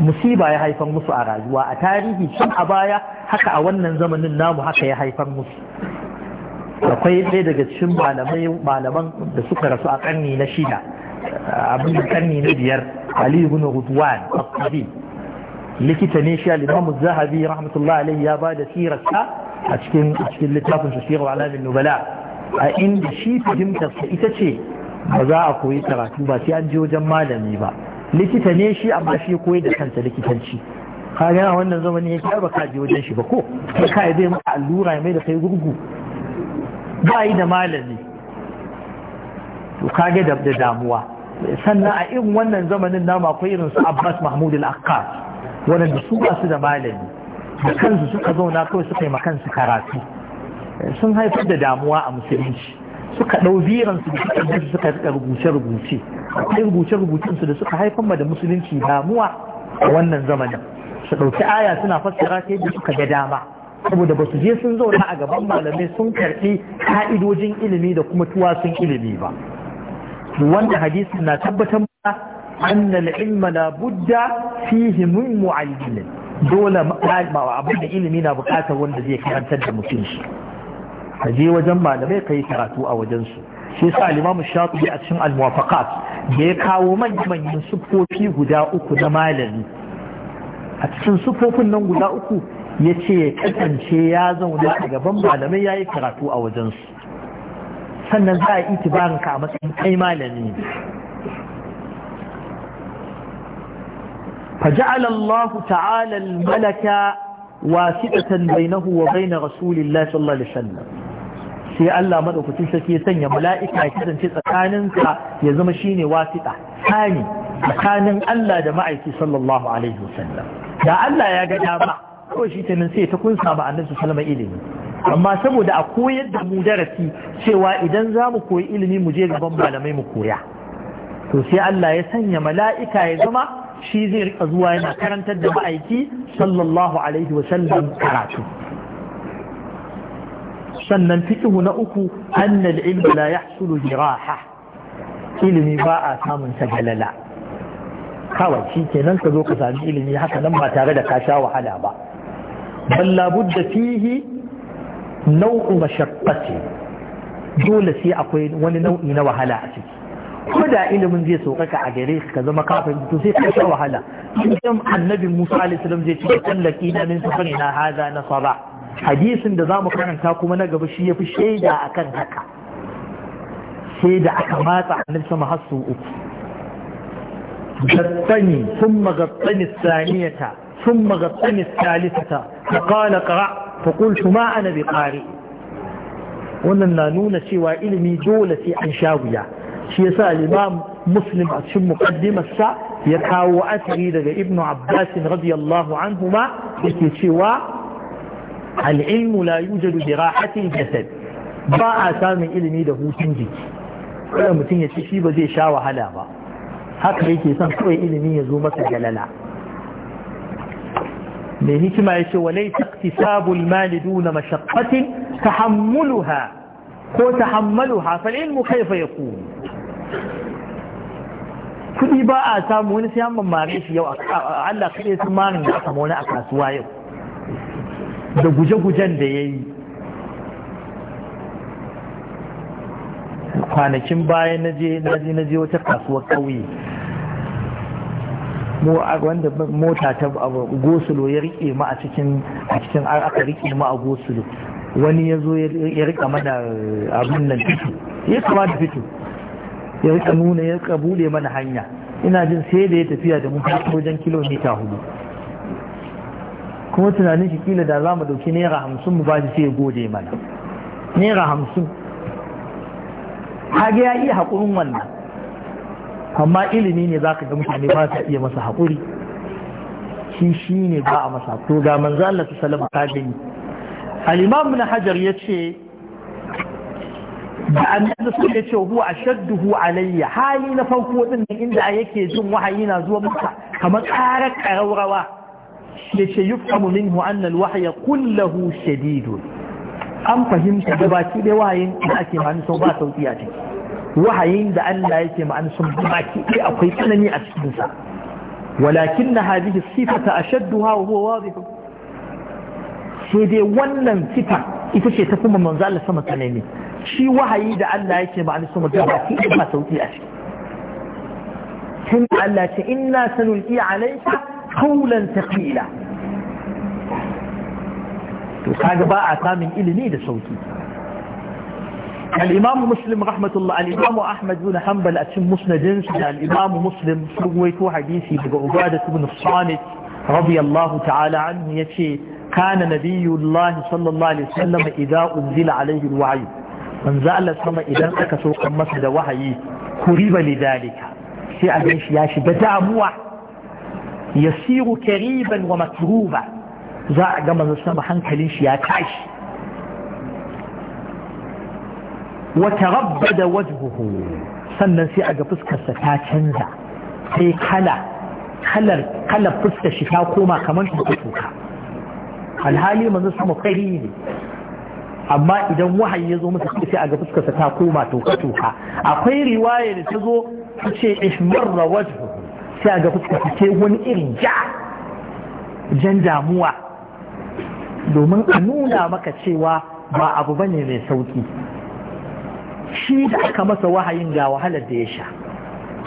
musiba ya haifar musu a rayuwa a tarihi tun a baya haka a wannan zamanin namu haka ya haifar musu akwai ɗaya daga cikin malaman da suka rasu a ƙarni na shida abin da ƙarni na biyar ali ibn rudwan al likita ne shi al-imam zahabi rahmatullahi alaihi ya ba da sirarsa a cikin a cikin littafin sa sirar alamin nubala a inda shi su ita ce ba za a koyi karatu ba sai an je wajen malami ba likita ne shi amma shi koyi da kanta likitanci ka ga a wannan zamani ya ba ka je wajen shi ba ko kai ka zai maka allura mai da kai gurgu ba yi da malami to ka ga da damuwa sannan a irin wannan zamanin nama akwai irin su Abbas Mahmud al-Akkad wanda su ba su da malami da kansu suka zauna kawai suka yi ma kansu karatu sun haifar da damuwa a musulunci suka ɗau biran da da suka rika rubuce-rubuce akwai rubuce-rubucensu da suka haifar ma da musulunci damuwa a wannan zamanin su ɗauki aya suna fassara ta yadda suka ga dama saboda ba su je sun zauna a gaban malamai sun karɓi ka'idojin ilimi da kuma tuwasun ilimi ba wanda hadisi na tabbatar ba anna al-ilma la budda fihi min mu'allimin dole abin da ilimi na bukatar wanda zai karantar da mutum shi ka je wajen malamai ka yi karatu a wajensu shi yasa al-imam a cikin al da ya kawo manyan siffofi guda uku na malami a cikin siffofin nan guda uku ya ce ya kasance ya zauna a gaban malamai ya yi karatu a wajensu sannan za a yi itibarin ka a matsayin kai malami فجعل الله تعالى الملك واسطة بينه وبين رسول الله صلى الله عليه وسلم sai Allah madaukakin sarki ya sanya mala'ika ya kasance tsakaninsa ya zama shine wasiƙa tsani tsakanin Allah da ma'aiki sallallahu alaihi wasallam da Allah ya ga dama kawai shi kenan sai ta kunsa ma annabi sallama ilimi amma saboda a koyar da mu darasi cewa idan za mu koyi ilimi mu je gaban malamai mu koya to sai Allah ya sanya mala'ika ya zama shi zai rika zuwa yana karantar da ma'aiki sallallahu alaihi wasallam karatu sannan fikihu na uku annal ilmi la yahsulu bi ilimi ba a samun ta galala kawai shi kenan ka zo ka sami ilimi haka nan ba tare da ka sha wahala ba bal labudda fihi nau'u mashaqqati dole sai akwai wani nau'i na wahala a ciki ko da ilimin zai sauƙaƙa a gare ka zama kafin to sai ka sha wahala in annabi Musa alaihi salam zai ce kallaki na min fari na hada na saba hadisin da za mu karanta kuma na gaba shi ya fi shaida a kan haka sai da aka matsa annabi sama har su uku gatsani sun magatsani saniyata sun magatsani salisata ta kala kara ta kultu ma ana bi kare wannan na nuna cewa ilimi dole sai an sha wuya shi sa limam muslim a cikin mukaddimarsa ya kawo asiri daga ibnu abbas radiyallahu anhuma yake cewa al'ilmu la yujadu bi rahatil jasad ba a samun ilimi da hutun jiki kada mutum ya ci shi ba zai sha wahala ba haka yake son kawai ilimi ya zo masa galala mai hikima ya ce walai taktisabul mali duna mashaqqatin tahammuluha ko tahammaluha fal ilmu kaifa ku kudi ba a samu wani sai an mamare shi yau Allah kai sun marin da aka wani a kasuwa yau da guje-gujen da ya yi kwanakin bayan na je wata kasuwar ƙauye wanda mota ta gosulo ya rike ma a cikin aka rike ma a gosulo wani ya zo ya rika mana abin nan fito ya kama da fito ya rika nuna ya rika bude mana hanya ina jin sai da ya tafiya da mu wajen kilomita hudu kuma tunanin shi kila da za mu dauki naira hamsin mu bashi sai ya gode mana naira hamsin hage ya iya haƙurin wannan amma ilimi ne za ka ga mutane ba sa iya masa haƙuri shi shi ne ba a masa to ga manzo Allah ta salama ka gani al-imam ibn hajar yace da annabi sun yace huwa ashadduhu alayya hali na farko din inda yake jin wahayi na zuwa maka kamar karar karaurawa yace yufhamu minhu anna alwahya kulluhu shadidun an fahimta da baki da wahayin da ake ma'an sun ba sauki a ciki wahayin da Allah yake ma'an sun baki da akwai tsanani a cikin sa walakin na hadhihi sifata ashadduha wa huwa wadih sai dai wannan sifa ita ce ta kuma manzo Allah sama tsanani shi wahayi da Allah yake ma sun baki da ba sauki a ciki tun Allah ce inna sanulqi alayka قولا ثقيلا كذا باع ثامن إلني ده صوتي الإمام مسلم رحمة الله الإمام أحمد بن حنبل أتم مسندين الإمام مسلم سويت حديثي بعبادة بن الصامت رضي الله تعالى عنه يتي كان نبي الله صلى الله عليه وسلم إذا أنزل عليه الوعي من زال سما إذا أكسوا قمس دوحي قريب لذلك في أجيش ياشي بدأ موح يسير كريبا ومكروبا زع جمع نسمى حنك ليش يا كعش وتربد وجهه سنة سيعة قفزك ستا تنزع في قلع قلع قلع قفزك شفا وقوما كمان شبكتوك الهالي من نسمى قريبي أما إذا موحي يزوم سنة سيعة قفزك ستا وقوما توكتوك أقير رواية لتزو تشي إحمر وجهه sai a ga kuka sai wani irin ja jan damuwa domin a nuna maka cewa ba abu bane mai sauki shi da aka masa wahayin ga wahalar da ya sha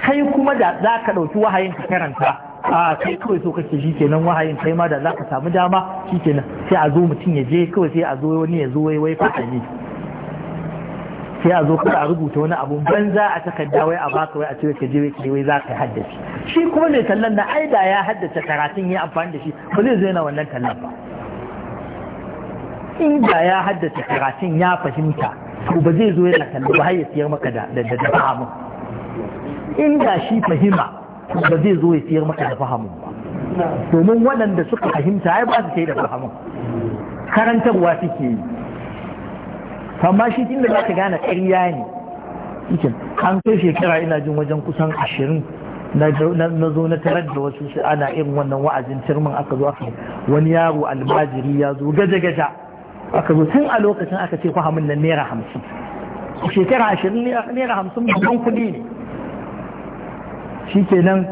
kai kuma da za ka ɗauki wahayin ka karanta a kai kawai so kake shi kenan wahayin kai ma da za ka samu dama shi kenan sai a zo mutum ya je kawai sai a zo wani ya zo wai wai fata ne sai a zo kada a rubuta wani abun banza a takarda wai a baka wai a ce ka je wai wai za ka haddace shi kuma mai tallan na ai da ya haddace karatun ya amfani da shi ba zai zo yana wannan tallan ba in da ya haddace karatun ya fahimta to ba zai zo yana tallan ba har ya siyar maka da da da fahimu in da shi fahima to ba zai zo ya siyar maka da fahimu ba domin waɗanda suka fahimta ai ba su kai da fahimu karantarwa suke yi amma shi inda za ka gane ƙarya ne an kai shekara ina jin wajen kusan ashirin na zo na tarar da wasu su ana irin wannan wa'azin turmin aka zo aka wani yaro almajiri ya zo gaja-gaja aka zo tun a lokacin aka ce kwa nan naira hamsin shekara ashirin naira hamsin babban kuɗi ne shi ke nan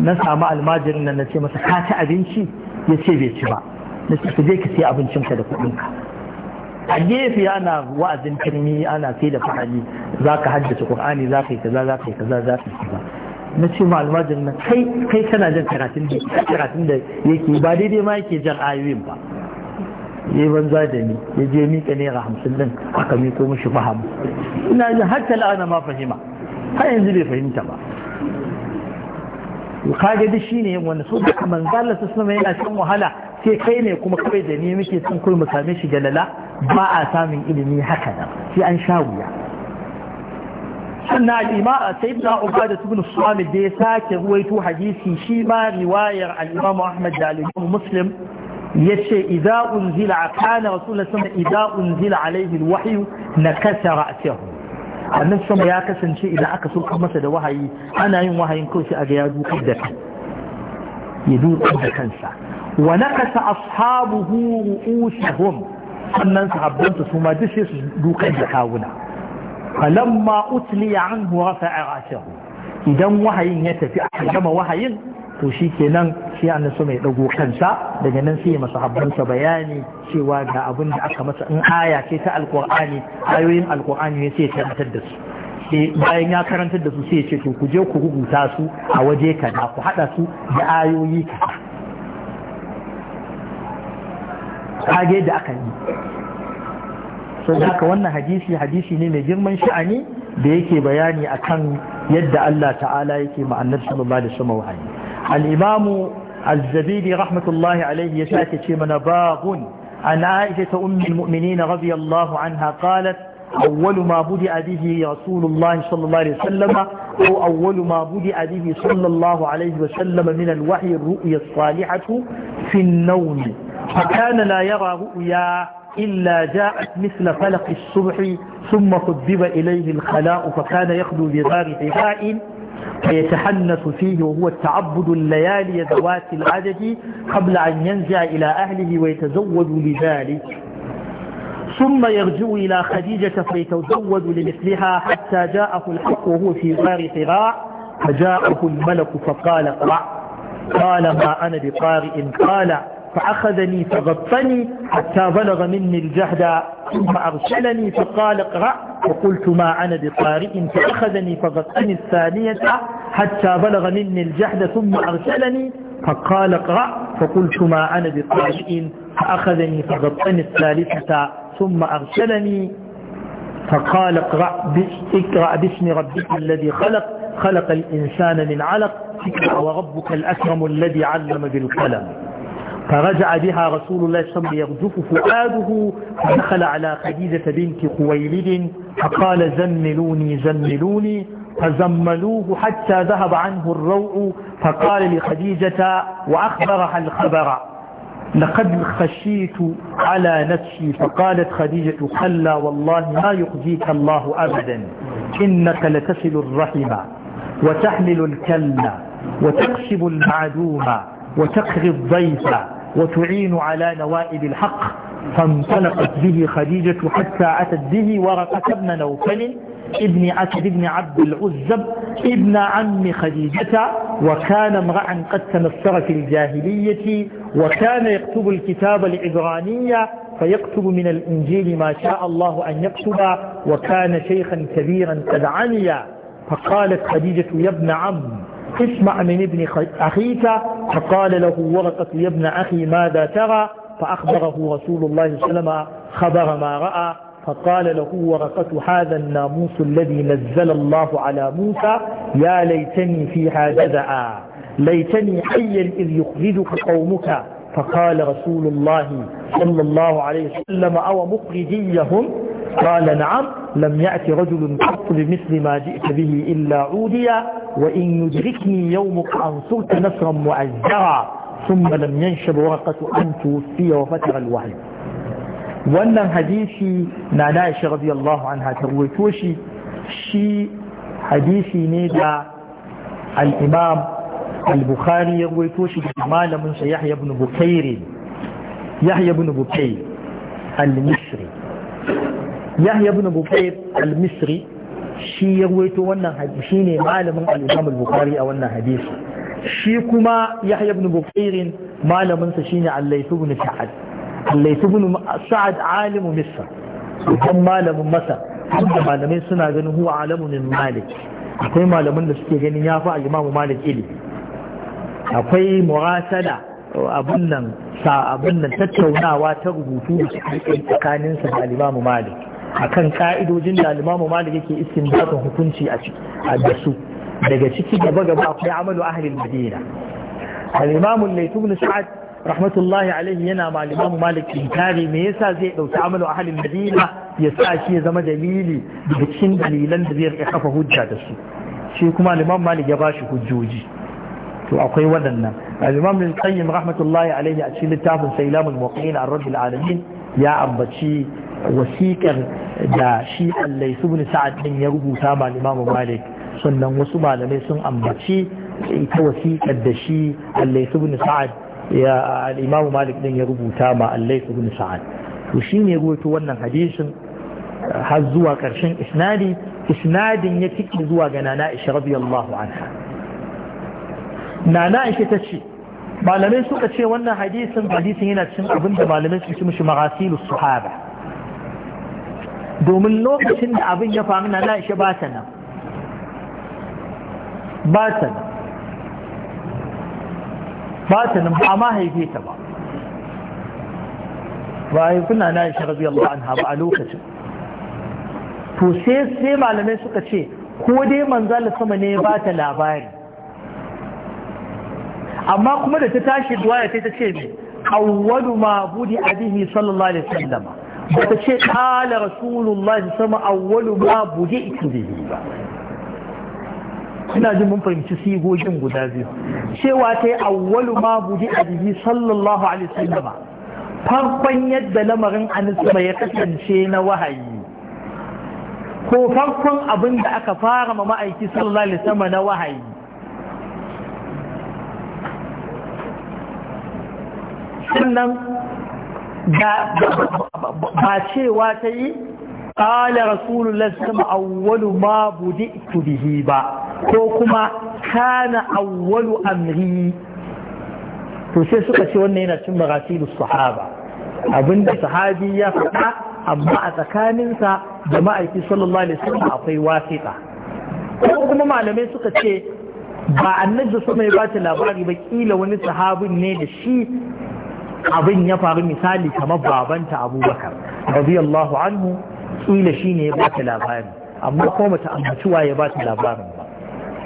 na samu almajirin nan na ce masa ka ci abinci ya ce bai ci ba na ce ka je ka ce abincinka da kuɗinka a gefe ana wa'azin turmi ana sai da fahali za ka haddace ƙur'ani za ka yi kaza za ka yi kaza za ka yi kaza na ce ma almajin na kai kai kana jan karatun da yake ba daidai ma yake jan ayoyin ba yayi banza da ni ya je mika naira hamsin din aka miko mishi faham ina jin hatta la'ana ma fahima har yanzu bai fahimta ba kaga da shine wanda so da manzo Allah sallallahu alaihi wasallam yana shan wahala sai kai ne kuma kawai da ni muke son kai mu same shi galala ba a samun ilimi haka nan sai an sha wuya sannan al'ima sayyidina ubada ibn sulamid da ya sake ruwaito hadisi shi ma riwayar al-imam ahmad da al-imam muslim yace idza unzila kana rasulullah sallallahu alaihi wasallam idza unzila alaihi al-wahyu nakasa ra'sahu annan sama ya kasance idan aka sulka masa da wahayi ana yin wahayin kawai sai a ga ya dukar da kan ya dukar da kansa wa nakasa ashabuhu ru'usuhum sannan sahabbansa su ma duk sai su dukan da kawuna alamma utliya anhu rafa'a ra'sahu idan wahayin ya tafi a gama wahayin to shi kenan shi an su mai dago kansa daga nan sai masa habbansa bayani cewa ga abin da aka masa in aya ce ta alkur'ani ayoyin alkur'ani ne sai karantar da su sai bayan ya karantar da su sai ce to ku je ku rubuta su a waje kaza ku hada su da ayoyi kaza kage da aka yi da haka wannan hadisi hadisi ne mai girman sha'ani da yake bayani akan yadda Allah ta'ala yake ma'annar sallallahu alaihi wasallam wahayi al-imamu az-zabidi rahmatullahi alaihi ya sake ce mana babun an aisha ta ummul mu'minin radiyallahu anha qalat أول ما بدأ به رسول الله صلى الله عليه وسلم أو أول ما بدأ به صلى الله عليه وسلم من الوحي الرؤيا الصالحة في النوم فكان لا يرى رؤيا إلا جاءت مثل فلق الصبح ثم قدم إليه الخلاء فكان يخلو بغار حذاء فيتحنث فيه وهو التعبد الليالي ذوات العدد قبل أن ينزع إلى أهله ويتزود لذلك ثم يرجع إلى خديجة فيتزود لمثلها حتى جاءه الحق وهو في غار قراء فجاءه الملك فقال اقرأ قال ما أنا بقارئ قال فأخذني فغطني حتى بلغ مني الجهد ثم أرسلني فقال اقرأ وقلت ما أنا بقارئ فأخذني فغطني الثانية حتى بلغ مني الجهد ثم أرسلني فقال اقرأ فقلت ما أنا بقارئ فأخذني فغطني الثالثة ثم أرسلني فقال اقرأ باسم ربك الذي خلق خلق الإنسان من علق وربك الأكرم الذي علم بالقلم فرجع بها رسول الله صلى الله عليه وسلم يرجف فؤاده فدخل على خديجة بنت خويلد فقال زملوني زملوني فزملوه حتى ذهب عنه الروع فقال لخديجة وأخبرها الخبر لقد خشيت على نفسي فقالت خديجة خلا والله ما يخزيك الله أبدا إنك لتصل الرحم وتحمل الكلمة وتكسب المعدومة وتقري الضيف وتعين على نوائب الحق فانطلقت به خديجة حتى أتت به ورقة بن نوفل ابن أسد بن عبد العزب ابن عم خديجة وكان امرأ قد تنصر في الجاهلية وكان يكتب الكتاب العبرانية فيكتب من الإنجيل ما شاء الله أن يكتب وكان شيخا كبيرا قد عني فقالت خديجة يا ابن عم اسمع من ابن أخيك فقال له ورقة يا ابن أخي ماذا ترى فأخبره رسول الله صلى الله عليه وسلم خبر ما رأى فقال له ورقة هذا الناموس الذي نزل الله على موسى يا ليتني فيها جزعا ليتني حيا إذ يخرجك قومك فقال رسول الله صلى الله عليه وسلم أو مخرجيهم قال نعم لم يأت رجل قط بمثل ما جئت به إلا عوديا وإن يدركني يومك أنصرت نصرا مؤزرا ثم لم ينشب ورقة أن توفي وفتر الوعي وأن حديثي na رضي الله عنها ta شي حديثي shi الامام al-bukhari ya shi da malamin yahya ibn bukairi yahya ibn bukair al-misri yahya ibn bukair al-misri shi ya wannan malamin al-imam al-bukhari a wannan hadisi shi kuma yahya ibn bukair malamin sa shine al-layth ibn sa'ad al-layth ibn sa'ad alimu misr malamin masa da malamai suna ganin huwa alamu malik akwai malaman da suke ganin ya fi al-imam malik ilimi akwai murasala abun nan sa abun nan tattaunawa ta rubutu tsakanin sa da Imam Malik akan ka'idojin da Imam Malik yake istinbatun hukunci a da su daga ciki gaba gaba akwai amalu ahli al-Madina al-Imam al ibn Sa'ad rahmatullahi alaihi yana ma Imam Malik tare me yasa zai dauki amalu ahli al-Madina ya sa shi ya zama dalili da cikin dalilan da zai kafa hujja da su shi kuma Imam Malik ya bashi hujjoji to akwai waɗannan al-imam bin qayyim rahmatullahi alaihi a cikin littafin sailamul muqin ar-rabbil alamin ya ambaci wasiƙar da shi allai ibn sa'ad din ya rubuta ma al-imam malik sannan wasu malamai sun ambaci ita wasiƙar da shi Allah ibn sa'ad ya al-imam malik din ya rubuta ma ibn sa'ad to shine ruwaito wannan hadisin har zuwa karshen isnadi isnadin ya tike zuwa ga nana isha radiyallahu anha nana aisha ta ce malamai suka ce wannan hadisin hadisin yana cin abin da malamai su ci mishi marasilu suhaba domin lokacin da abin ya faru na aisha ba ta nan ba ta nan ba ta nan ba ma haife ta ba ba haifin nana aisha radiyallahu anha ba a lokacin to sai malamai suka ce ko dai manzala sama ne ya ba ta labari amma kuma da ta tashi duwaya sai ta ce mai awwalu ma budi sallallahu alaihi wasallam ba ta ce qala rasulullahi sama awwalu ma budi ikibihi ba ina jin mun fahimci sigogin guda biyu cewa ta yi awwalu ma budi sallallahu alaihi wasallam farkon yadda lamarin anisma ya kasance na wahayi ko farkon abin da aka fara ma ma'aiki sallallahu alaihi wasallam na wahayi sannan ba cewa ta yi ƙala rasulullah sama awwalu ma budi bihi ba ko kuma kana awwalu amri to sai suka ce wannan yana cin marasilu sahaba abinda sahabi ya faɗa amma a tsakaninsa da ma'aiki sallallahu alaihi wasallam akwai wasiƙa ko kuma malamai suka ce ba annabi su mai bata labari ba kila wani sahabin ne da shi abin ya faru misali kamar babanta abubakar radiyallahu anhu kila shi ne ya ba ta labari amma ko bata waye ba ta labarin ba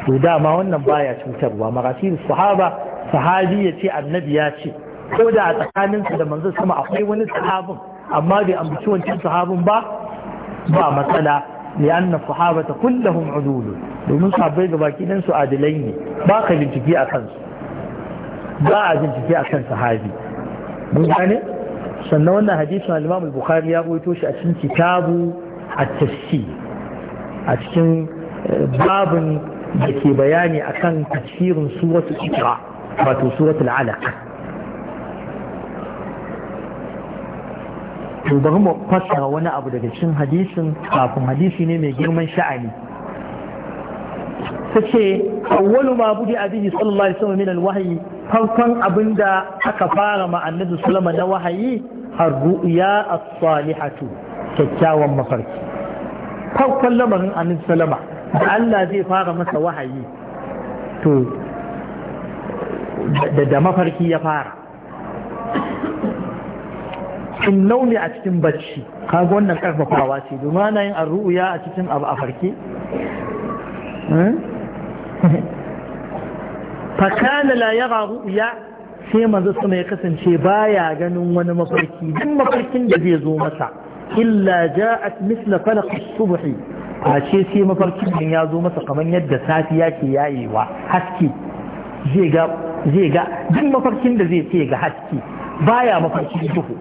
to dama wannan baya cutarwa marasir sahaba sahabi ya ce annabi ya ce ko da a tsakaninsa da manzon sama akwai wani sahabin amma bai ambaci wancan sahabin ba ba matsala لأن الصحابة كلهم عدول domin sabai gabaki ɗansu adilai ne ba ka bincike a kansu ba a bincike a kan sahabi mun sannan wannan hadisin al-Imam al-Bukhari ya rawaito shi a cikin kitabu at-tafsir a cikin eh, babin da ke bayani akan tafsirin suratul Iqra wato suratul Alaq to bari mu fassara wani abu daga cikin hadisin kafin hadisi ne mai girman sha'ani ta ce awwalu ma budi abihi sallallahu alaihi wasallam min al-wahyi farkon abin da aka fara ma annabi sulama na wahayi har ru'ya as-salihatu kyakkyawan mafarki farkon lamarin annabi sulama da Allah zai fara masa wahayi to da mafarki ya fara in launi a cikin bacci kaga wannan karfafawa ce domin ana yin arru'uya a cikin abu a farke hmm? fakana la yara ru'ya sai manzo sama ya kasance baya ganin wani mafarki duk mafarkin da zai zo masa illa ja'at misla falaq as-subh ashe sai mafarkin din ya zo masa kamar yadda safiya ke yayewa haske zai ga zai ga duk mafarkin da zai ce ga haske baya mafarkin duhu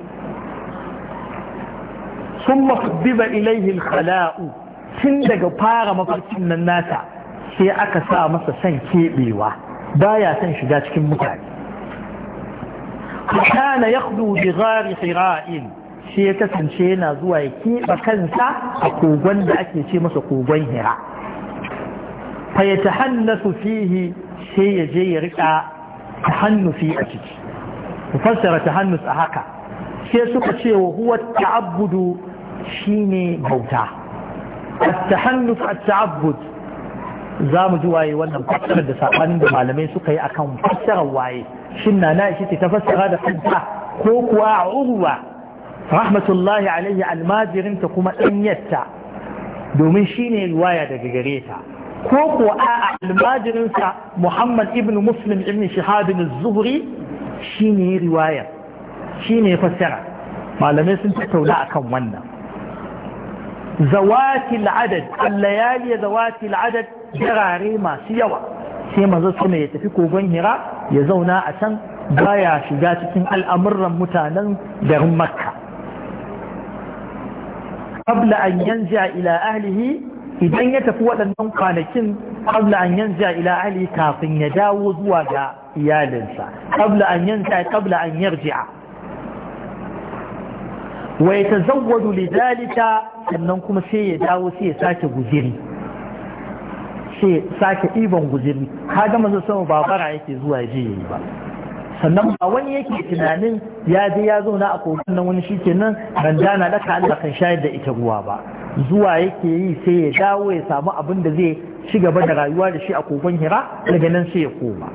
ثم حبب إليه الخلاء tun daga fara mafarkin nan nata sai aka sa masa son keɓewa baya son shiga cikin mutane kana yakhdu bi ghari hira'in shi ya kasance yana zuwa ya keɓe kansa a kogon da ake ce masa kogon hira fa ya tahannasu fihi sai ya je ya riƙa tahannufi a ciki ku fassara tahannus a haka sai suka ce wa huwa ta'abbudu shine bauta at-tahannus at-ta'abbud za mu ji waye wannan fassarar da sabanin da malamai suka yi akan fassarar waye shin na na shi ta fassara da kanta ko kuwa a urwa rahmatullahi alaihi almajirin ta kuma ɗanyarta domin shi ne riwaya daga gare ta ko kuwa a almajirinsa muhammad ibn muslim ibn shahabin zuhri shi ne riwaya shi ne fassara malamai sun tattauna akan wannan zawati al'adad al-layali zawati al'adad jirare masu yawa sai manzo sama ya tafi kogon hira ya zauna a can baya shiga cikin al'amuran mutanen garin makka qabla an yanzu ila ahlihi idan ya tafi waɗannan kwanakin qabla an yanzu ila ahlihi kafin ya dawo zuwa ga iyalinsa qabla an yanzu qabla an yarji'a wa yatazawwadu lidhalika sannan kuma sai ya dawo sai ya sake guziri ce sake ɗiban guziri ga masu sama ba bara yake zuwa je yi ba sannan ba wani yake tunanin ya je ya zauna a kogon nan wani shikenan bandana da ka Allah kan shayar da ita ruwa ba zuwa yake yi sai ya dawo ya samu abin da zai ci gaba da rayuwa da shi a kogon hira daga nan sai ya koma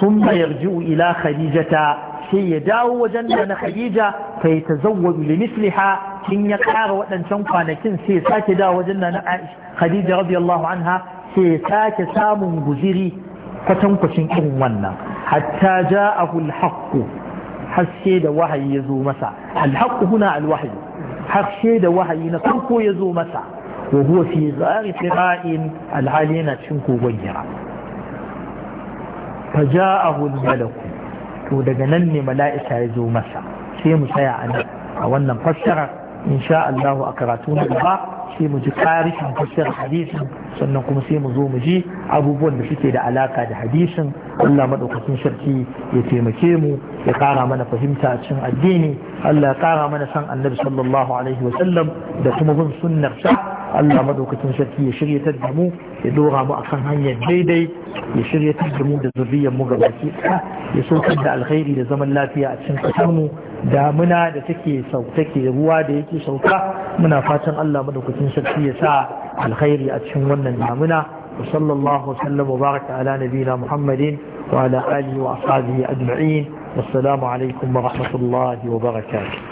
sun ji'u ila khadijata sai ya dawo wajen da na khadija fa yatazawwaju li misliha in ya ƙara waɗancan kwanakin sai sake da wajen na Khadija radiyallahu anha sai sake samun guziri kwatankwacin irin wannan hatta ja'ahu al-haqqu haske da wahayi ya zo masa al-haqqu huna al-wahyi haske da wahayi na farko ya zo masa wa huwa fi ghari fira'in al-hali yana cikin kogon jira fa ja'ahu al-malaku to daga nan ne mala'ika ya zo masa sai mu tsaya a nan a wannan fassara in sha allahu a karatu na gaba sai mu ji tarihin tafsir hadisin sannan kuma sai mu zo mu ji abubuwan da suke da alaka da hadisin Allah madaukakin sharki ya taimake mu ya kara mana fahimta a cikin addini Allah ya kara mana san Annabi sallallahu alaihi wa sallam da kuma bin sunnar sa Allah madaukakin sarki ya shirya da mu ya dora mu akan hanyar daidai ya shirya da mu da zuriyar mu gabaki ya saukar da alkhairi da zaman lafiya a cikin kasar mu damuna da take take ruwa da yake sauka muna fatan Allah madaukakin sarki ya sa alkhairi a cikin wannan damuna wa sallallahu sallam wa baraka ala nabiyina Muhammadin wa ala alihi wa ashabihi ajma'in wassalamu alaikum wa rahmatullahi wa barakatuh